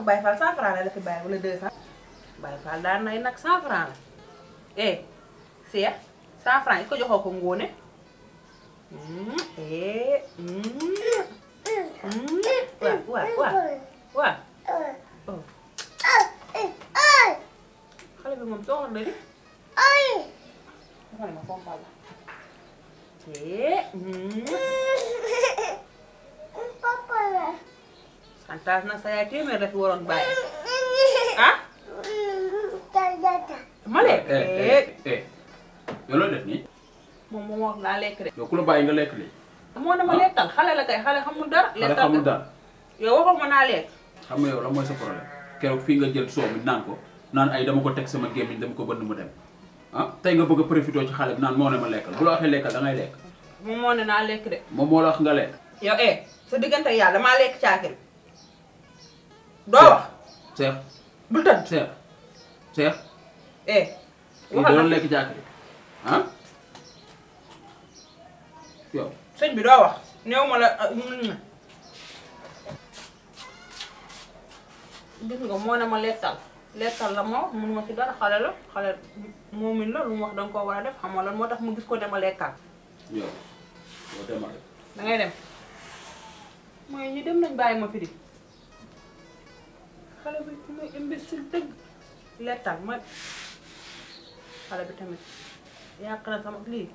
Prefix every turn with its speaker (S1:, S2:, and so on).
S1: ko Baye Fall cent franc la la fi bàyyi wala deux cent Baye Fall daan nay nag cent franc la eh Cheikh cent franc yi ko joxoo ko ngóone eh waaw waaw waaw waaw xale bi moom soxla na di ay ma xool ma fompal la eh hmm. Tantaas nag sa yaay téeméer waroon bàyyi ah. ma lekk eh def nii. moom moom wax naa lekk de. yow ku nga lekk lii. moo ne ma lekkal xale la kay xale xamul dara. lekkal xale xamul dara. ma naa xam nga yow lan mooy sa problème keroog fii nga jël soow mi naan ko naan ay dama ko teg sama gémmiñ dama ko bënn mu dem ah tey nga bëgg a profité ci xale bi naan moo ne ma lekkal bu la waxee lekkal da lekk. moom moo ne naa lekk de. moom moo la wax nga lekk. yow eh sa diggante yàlla maa lekk caakiri. doo wax seex bul tëdd eh waxal doon lekk jàkk bi ah yow sëñ bi doo wax néew ma la gis nga moo ne ma lettal lettal la moo mun ma ci dara xale la xale moomin la lu mu wax danga koo war a def xam nga lan moo ma fi xale bi mooy imbécile dëgg lettal mooy xale bi tamit yàq na sama lii